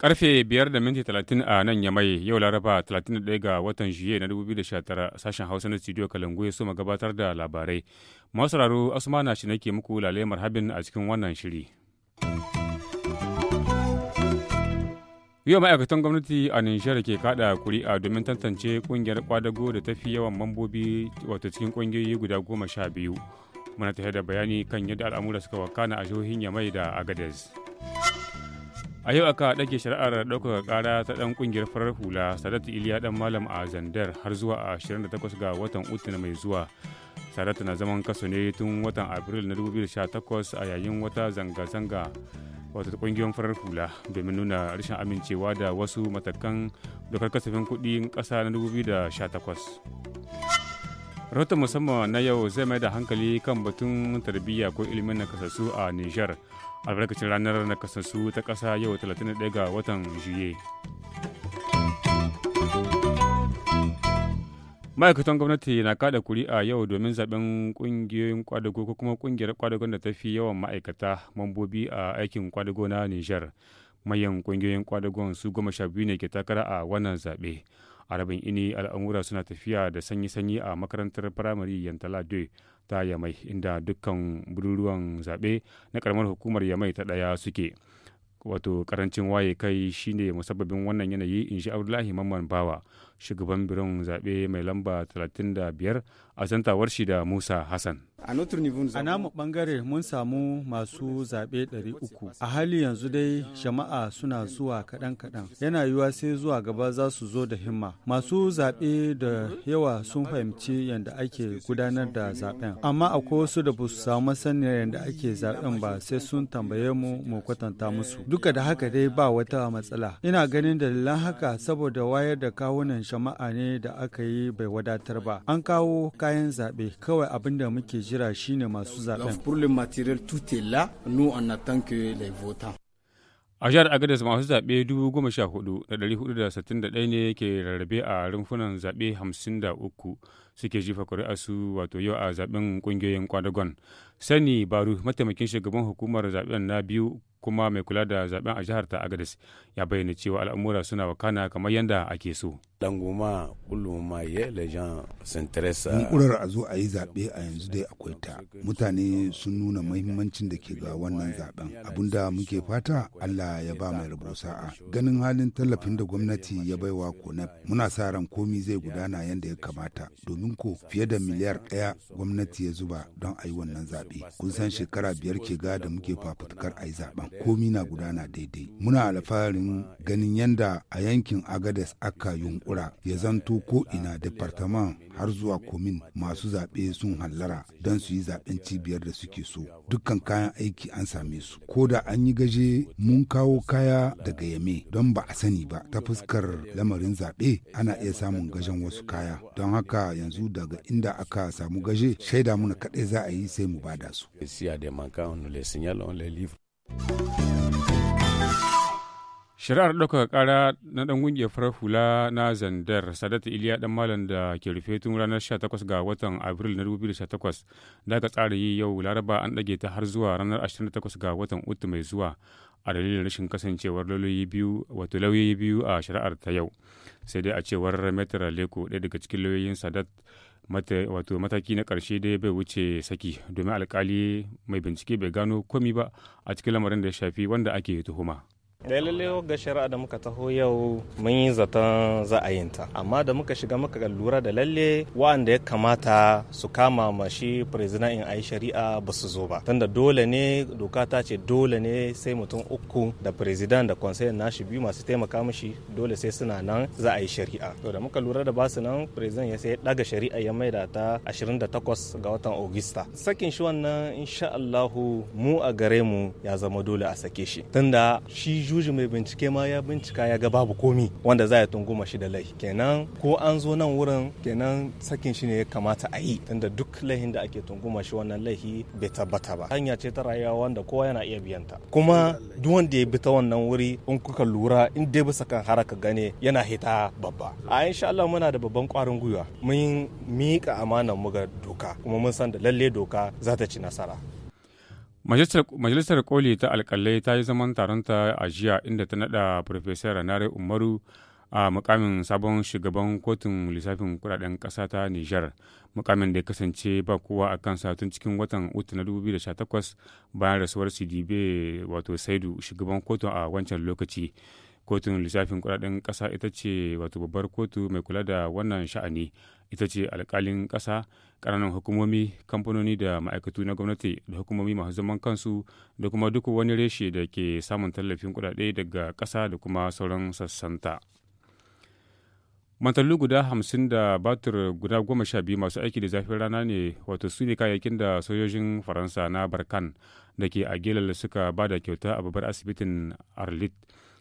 Karfe 5 da minti talatin a nan ya mai yau Laraba 31 ga watan Juye na 2019 sashen Hausa na studio Kalangu ya soma gabatar da labarai. Masu asuma na shi nake muku lalemar habin a cikin wannan shiri. yau ma'aikatan gwamnati a Nijar ke kada kuri'a domin tantance kungiyar kwadago da ta fi yawan mambobi wato cikin kungiyoyi guda goma sha biyu. Muna tare da bayani kan yadda al'amura suka wakana a jihohin Yamai da Agadez. A yau aka ɗage shari'ar ɗaukar ƙara ta ɗan ƙungiyar farar hula Sadat Iliya ɗan Malam a Zandar har zuwa 28 ga watan Utun mai zuwa. Sadat na zaman kaso ne tun watan Abril na 2018 a yayin wata zanga-zanga wato kungiyoyin farar hula domin nuna rashin amincewa da wasu matakan dokar kasafin kuɗin kasa na 2018 rahoton musamman na yau zai mai da hankali kan batun tarbiyya ko ilimin nakasassu a niger albarkacin ranar nakasassu ta kasa yau 31 ga watan juye. ma'aikatan gwamnati na kada a yau domin zaben kungiyoyin kwadago ko kuma kungiyar kwadago da ta fi yawan ma'aikata mambobi a aikin kwadago na niger mayan kungiyoyin kwadagon su goma sha biyu ne ke takara a wannan zaɓe a rabin ini al'amura suna tafiya da sanyi-sanyi a makarantar firamare yantala 2 ta yamai inda dukkan bururuwan zaɓe na karamar hukumar yamai ta ɗaya suke wato karancin waye kai shine musabbabin wannan yanayi in shi abdullahi mamman bawa shugaban biron zaɓe mai lamba 35 a santawar shi da Musa Hassan. A namu bangare mun samu masu zaɓe 300. A hali yanzu dai jama'a suna zuwa kaɗan-kaɗan. Yana yiwuwa sai zuwa gaba za su zo da himma. Masu zaɓe da yawa sun fahimci yadda ake gudanar da zaɓen. Amma akwai wasu da ba samu sanin yadda ake zaɓen ba sai sun tambaye mu mu kwatanta musu. Duka da haka dai ba wata matsala. Ina ganin dalilan haka saboda wayar da kawunan jama'a ne da aka yi bai wadatar ba. An kawo kayan zaɓe kawai abin da muke jira shine masu zaben. A jihar Agadez masu zaɓe 14,461 ne ke rarrabe a rumfunan zaɓe 53 suke jifa su wato yau a zaɓen ƙungiyoyin kwadagon. Sani Baru, mataimakin shugaban hukumar zaɓen na biyu kuma mai kula da zaɓen a jihar ta Agadez, ya bayyana cewa al'amura suna wakana kamar yadda ake so. ɗanguma kullum ya mun kurar a zo a yi zaɓe a yanzu dai akwai ta mutane sun nuna mahimmancin da ke ga wannan zaɓen abinda muke fata Allah ya ba mai rabo sa'a ganin halin tallafin da gwamnati ya baiwa konep muna sa ran komi zai gudana yadda ya kamata domin ko fiye da miliyar ɗaya gwamnati ya zuba don a yi wannan zaɓe kun san shekara biyar ke ga da muke fafutukar a yi zaɓen. komi na gudana daidai muna alfaharin ganin yadda a yankin agades aka yi. kura ya zanto ko ina departement har zuwa komin masu zaɓe sun hallara don su yi zaɓen cibiyar da suke so dukkan kayan aiki an same su ko da an yi gaje mun kawo kaya daga yame don ba a sani ba ta fuskar lamarin zaɓe ana iya samun gajen wasu kaya don haka yanzu daga inda aka samu gaje shaida muna kaɗai za a yi sai mu bada su. Shari'ar ɗaukaka ƙara na ɗan ƙungiyar farar hula na Zandar, Sadat Iliya ɗan malam da ke rufe tun ranar 18 ga watan Abril na 2018 da aka tsara yi yau Laraba an ɗage ta har zuwa ranar 28 ga watan Utu mai zuwa a dalilin rashin kasancewar lauyoyi biyu wato lauyoyi biyu a shari'ar ta yau. Sai dai a cewar Metra Leko ɗaya daga cikin lauyoyin Sadat wato mataki na ƙarshe dai bai wuce saki domin alkali mai bincike bai gano komi ba a cikin lamarin da ya shafi wanda ake tuhuma. dalilai ga shari'a da muka taho yau mun yi zaton za a yin amma da muka shiga muka lura da lalle wa'anda ya kamata su kama ma shi president in ayi shari'a ba su zo ba tunda dole ne doka ta ce dole ne sai mutum uku da president da conseil nashi biyu masu taimaka mishi dole sai suna nan za a yi shari'a to da muka lura da basu nan president ya sai daga shari'a ya maida ta 28 ga watan augusta sakin shi wannan insha Allahu mu a gare mu ya zama dole a sake shi tunda shi juji mai bincike ma ya bincika ya ga babu komi wanda za ya tunguma shi da laifi kenan ko an zo nan wurin kenan sakin shi ne ya kamata a yi tunda duk laifin da ake tunguma shi wannan laifi bai tabbata ba hanya ce ta rayuwa wanda kowa yana iya biyan ta kuma duk wanda ya bi ta wannan wuri in kuka lura in dai bisa kan haraka gane yana hita babba a insha Allah muna da babban kwarin gwiwa mun miƙa amanar mu ga doka kuma mun san da lalle doka za ta ci nasara Majalisar Koli ta alkalai ta yi zaman taron ta a jiya inda ta nada Profesor Ranare Umaru a mukamin sabon shugaban kotun lissafin kudaden ƙasa ta Nijar. Mukamin da ya kasance ba kowa a kan tun cikin watan Uta na 2018 bayan rasuwar CDB wato Saidu shugaban kotun a wancan lokaci. kotun lissafin kudaden kasa ita ce wato babbar kotu mai kula da wannan sha'ani ita ce alkalin kasa ƙananan hukumomi kamfanoni da ma'aikatu na gwamnati da hukumomi masu zaman kansu da kuma duk wani reshe da ke samun tallafin kudade daga kasa da kuma sauran sassanta mantallu guda hamsin da batir guda goma sha biyu masu aiki da zafin rana ne wato su ne kayayyakin da sojojin faransa na barkan da ke a gelal suka ba da kyauta a babbar asibitin arlit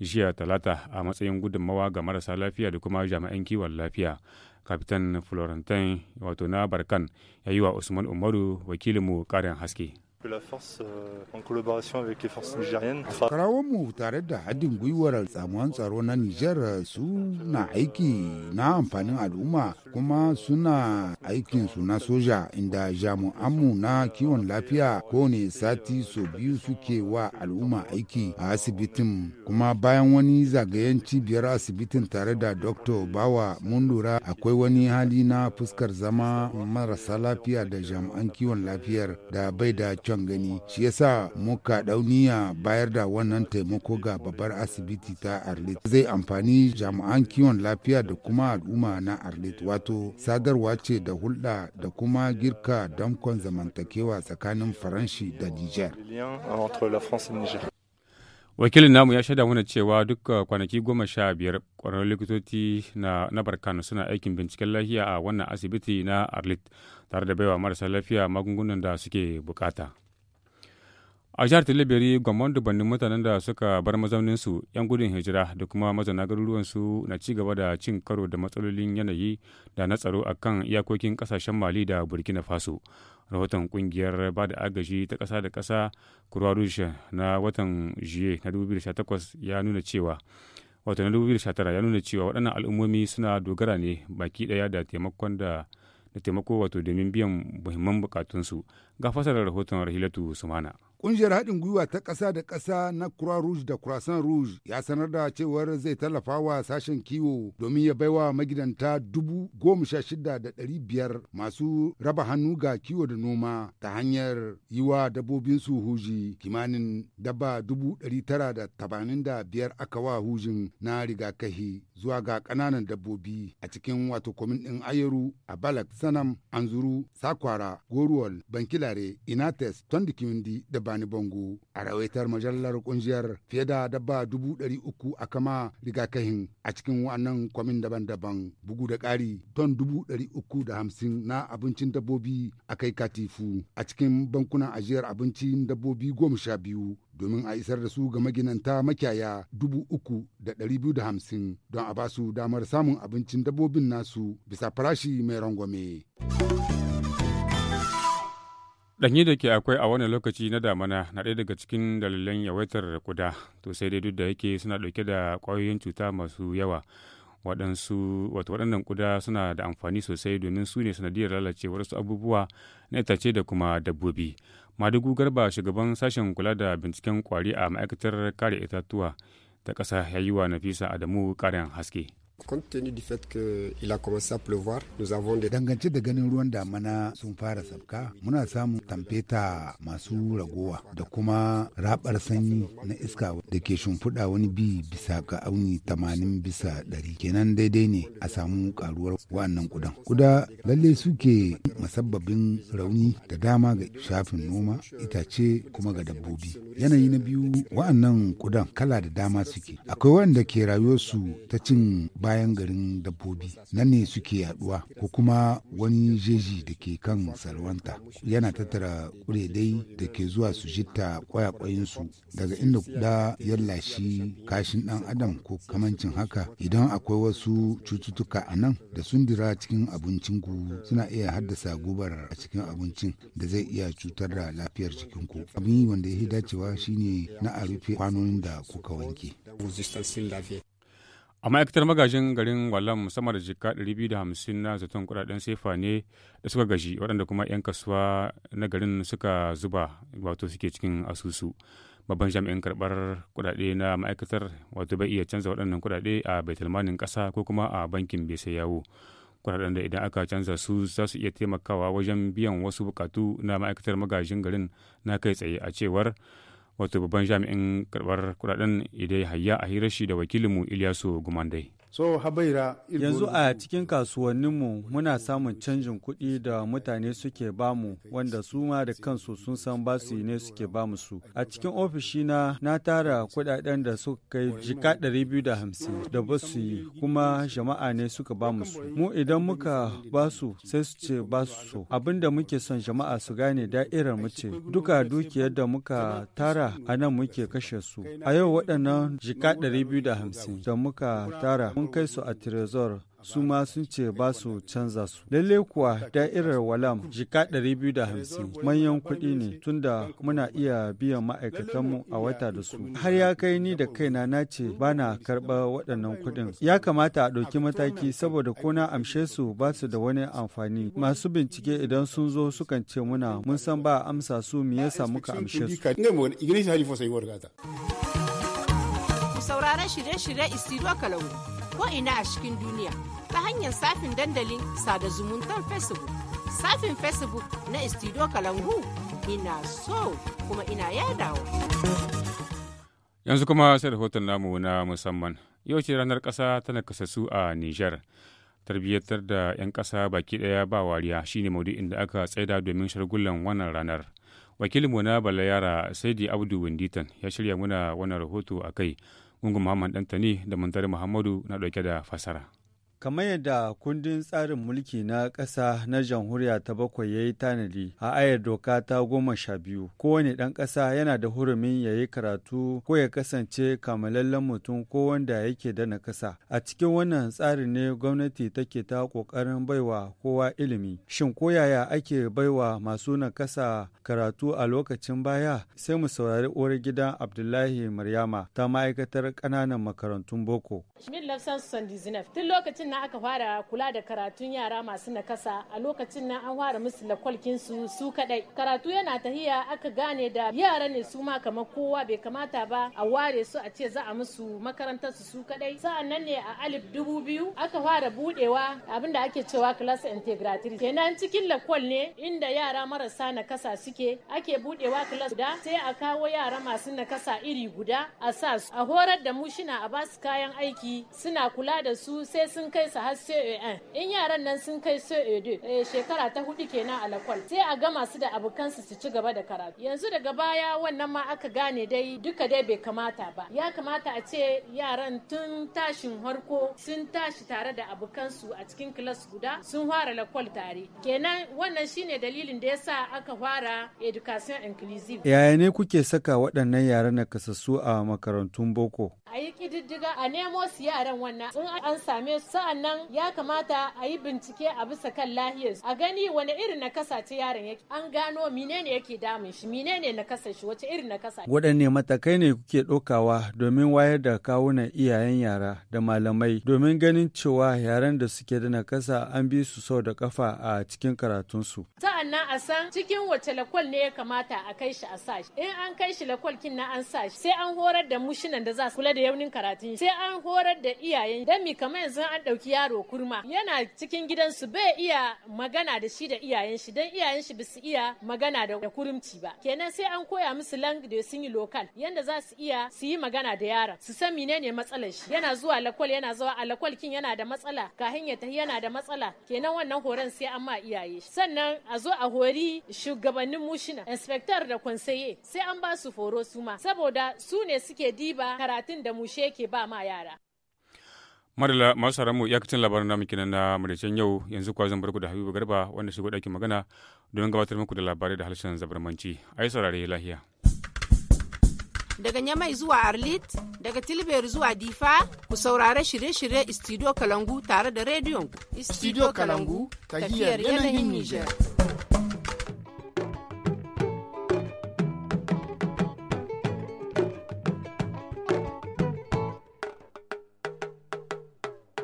jiya talata a matsayin gudunmawa ga marasa lafiya da kuma jami'an kiwon lafiya kapitan florentin wato na barkan ya yi wa usman umaru wakilinmu karin haske de la force euh, en collaboration avec les forces nigériennes. mu tare da haɗin gwiwar tsamuwan tsaro na Nijar euh, suna aiki na amfanin al'umma kuma suna aikin su na soja inda jami'anmu na kiwon lafiya kowane sati so biyu suke wa al'umma aiki a asibitin kuma bayan wani zagayen cibiyar asibitin tare da Dr. Bawa mun lura akwai wani hali na fuskar zama marasa lafiya da jami'an kiwon lafiyar da bai da kyan gani shi yasa muka dauniya bayar da wannan taimako ga babbar asibiti ta arlit zai amfani jami'an kiwon lafiya da kuma al'umma na arlit wato sadarwa ce da hulɗa da kuma girka damkon zamantakewa tsakanin faranshi da niger wakilin namu ya shaida mana cewa duk uh, kwanaki goma sha biyar kwanar likitoci na, na barkano suna aikin binciken lafiya a wannan asibiti na arlit tare da baiwa marasa lafiya magungunan da suke bukata a jihar tilibiri gwamnan dubannin mutanen da suka bar mazauninsu 'yan gudun hijira da kuma mazauna garuruwansu na ci gaba da cin karo da matsalolin yanayi da na tsaro akan iyakokin kasashen mali da burkina faso rahoton kungiyar ba da agaji ta ƙasa da ƙasa kurwa na watan juye na 2018 ya nuna cewa wato na 2019 ya nuna cewa waɗannan al'ummomi suna dogara ne baki ɗaya da taimakon da da taimako wato domin biyan muhimman bukatunsu ga fasarar rahoton rahilatu sumana Ƙungiyar haɗin gwiwa ta ƙasa da ƙasa na Croix Rouge da Croissant Rouge ya sanar da cewar zai tallafa wa sashen kiwo domin ya baiwa magidanta dubu goma sha shida da ɗari biyar masu raba hannu ga kiwo da noma ta hanyar yi wa su huji kimanin dabba dubu ɗari tara da tabanin da biyar aka wa hujin na rigakahi zuwa ga ƙananan dabbobi a cikin wato kwamin ɗin Ayeru, Abalak, Sanam, Anzuru, Sakwara, Goruwal, Bankilare, Inates, Tondikimindi da Bani Bango a rawaitar majalar kungiyar fiye da dabba dubu ɗari uku a kama rigakahin a cikin wannan kwamin daban-daban bugu da ƙari ton dubu ɗari uku da hamsin na abincin dabbobi a kai katifu a cikin bankunan ajiyar abincin dabbobi goma sha biyu domin a isar da su ga maginanta makiyaya dubu uku da ɗari biyu da hamsin don a ba su damar samun abincin dabbobin nasu bisa farashi mai rangwame. Ɗanyi da ke akwai a wannan lokaci na damana na ɗaya daga cikin dalilan yawaitar kuda, to sai dai duk da yake suna ɗauke da ƙwayoyin cuta masu yawa. waɗansu wato waɗannan kuda suna da amfani sosai domin su ne sanadiyar lalacewar su abubuwa na itace da kuma dabbobi madugu garba shugaban sashen kula da binciken kwari a ma'aikatar kare itatuwa ta ƙasa ya yi wa nafisa adamu ƙarin haske Dangance da ganin ruwan damana sun fara sabka, muna samun tamfeta masu ragowa da kuma rabar sanyi na iska da ke shimfiɗa wani bi bisa ga auni tamanin bisa ɗari kenan daidai ne a samu karuwar wa'annan kudan. Kuda lalle suke musabbabin rauni da dama ga shafin noma, itace kuma ga dabbobi. Yanayi na biyu wa'annan kudan kala da dama suke. Akwai wanda ke rayuwarsu ta cin ba bayan garin dabbobi nan ne suke yaduwa ko kuma wani jeji da ke kan salwanta yana tattara kuredai da ke zuwa su jitta kwayakwayinsu daga inda kuda ya kashin dan adam ko kamancin haka idan akwai wasu cututtuka a nan da sun dira cikin abincinku suna iya haddasa gubar a cikin abincin da zai iya cutar da lafiyar jikinku abin wanda ya dacewa shine na a rufe kwanonin da kuka wanke a ma'aikatar magajin garin walam musamman da jika 250 na zaton kudaden sefa ne da suka gaji waɗanda kuma 'yan kasuwa na garin suka zuba wato suke cikin asusu babban jami'in karɓar kudade na ma'aikatar wato bai iya canza waɗannan kudade a baitulmanin ƙasa ko kuma a bankin bai sai yawo kudaden da idan aka canza su za su iya taimakawa wajen biyan wasu bukatu na ma'aikatar magajin garin na kai tsaye a cewar wato babban jami'in karɓar kuɗaɗen idai hayya a hirar shi da wakilinmu Ilyasu Gumandai. So habaira yanzu a cikin kasuwanninmu muna samun canjin kuɗi da mutane suke bamu wanda su ma da kansu sun san basu ne suke bamu su. A cikin ofishina na tara kuɗaɗen da suka kai jika 250 da basu yi kuma jama'a ne suka bamu su. Mu idan muka basu sai su ce basu so. abinda muke son jama'a su gane da'irar mu ce duka dukiyar da muka tara a nan muke kashe su. A yau waɗannan jika 250 da muka tara mun kai su a Trezor su ma sun ce ba su canza su. Lalle kuwa da'irar walam jika 250 manyan kuɗi ne tunda muna iya biyan ma'aikatanmu a wata da su. Har ya kai ni da kaina na ce ba na karɓa waɗannan kuɗin. Ya kamata a ɗauki mataki saboda ko na amshe su ba su da wani amfani. Masu bincike idan sun zo sukan ce muna mun san ba amsa su me yasa muka amshe su. Sauraron shirye-shirye Istiro Kalangu. ko'ina a cikin duniya ta hanyar safin dandalin sada zumuntar facebook safin facebook na istido kalangu ina so kuma ina yadawa yanzu kuma sai rahoton namu na musamman yau ce ranar ƙasa tana kasassu a niger tarbiyyatar da 'yan ƙasa baki ɗaya ba wariya shine maudu'in da aka tsaida domin shargullan wannan ranar wakilin mu na balayara saidi abdu winditan ya shirya muna wannan rahoto a kai Gungun Muhammad Dantani da Muntari Muhammadu na ɗauke da fasara. Kamar yadda kundin tsarin mulki na ƙasa na jamhuriya ta bakwai ya yi tanadi a ayar doka ta goma sha biyu, kowane ɗan ƙasa yana da hurumin ya yi karatu ko ya kasance kamalallen mutum ko wanda yake da nakasa. A cikin wannan tsarin ne gwamnati take ta ƙoƙarin baiwa kowa ilimi. Shin ko yaya ake baiwa masu nakasa karatu a lokacin baya? Sai mu saurari uwar gidan Abdullahi Maryama ta ma'aikatar ƙananan makarantun boko. dizinaf. tun lokacin na aka fara kula da karatun yara masu nakasa a lokacin na an fara musu lakwalkin su su kadai karatu yana tahiya aka gane da yara ne su ma kamar kowa bai kamata ba a ware su a ce za a musu makarantar su su kadai sa'an nan ne a alif dubu biyu aka fara budewa abinda ake cewa class integratory. kenan cikin lakwal ne inda yara marasa nakasa suke ake budewa class guda sai a kawo yara masu nakasa iri guda a sa su a horar da mu mushina a basu kayan aiki ciki suna kula da su sai sun kai su har ce in yaran nan sun kai ce eh, shekara ta hudu kenan a lakwal sai a gama su da abokansu su ci gaba da karatu yanzu daga baya wannan ma aka gane dai duka dai bai kamata ba ya kamata a ce yaran tun tashin harko sun tashi tare da abokansu a cikin kilas guda sun fara lakwal tare kenan wannan shine dalilin da yasa aka fara education inclusive yaya ne kuke saka waɗannan yaran nakasassu a makarantun boko a yi kididdiga a nemo su yaran wannan in an same su sa'annan ya kamata a yi bincike a bisa kan lahiyarsu a gani wani irin nakasa ce yaron yake an gano menene yake damun shi menene nakasa shi wace irin nakasa waɗanne matakai ne kuke ɗaukawa domin wayar da kawunan iyayen yara da malamai domin ganin cewa yaran da suke da kasa an bi su sau da kafa a cikin karatunsu sa'annan a san cikin wace lakwal ne ya kamata a kai shi a sa shi in an kai shi lakwal kin na an sa shi sai an horar da mushinan da za su kula da yaunin karatun sai an horar da iyayen dan mi kamar yanzu an dauki yaro kurma yana cikin gidansu bai iya magana da shi da iyayen shi dan iyayen shi basu iya magana da kurumci ba kenan sai an koya musu language sun yi lokal yanda za su iya su yi magana da yara su san menene matsalar shi yana zuwa lakwal yana zuwa a lakwal kin yana da matsala ka ya ta yana da matsala kenan wannan horon sai an ma iyaye shi sannan a zo a hori shugabannin mushina inspector da konseye sai an ba su foro su ma saboda su ne suke diba karatun da da mushe ke ba ma yara madala masu ya iyakacin labarin namu kenan na maraicen yau yanzu kwa zan barku da habibu garba wanda shigo ɗakin magana domin gabatar muku da labarai da harshen zabarmanci a yi saurare lahiya daga Nyamai zuwa Arlit, daga Tilber zuwa Difa, ku saurare shirye-shirye Studio Kalangu tare da rediyon Studio Kalangu, tafiyar yanayin Nijar.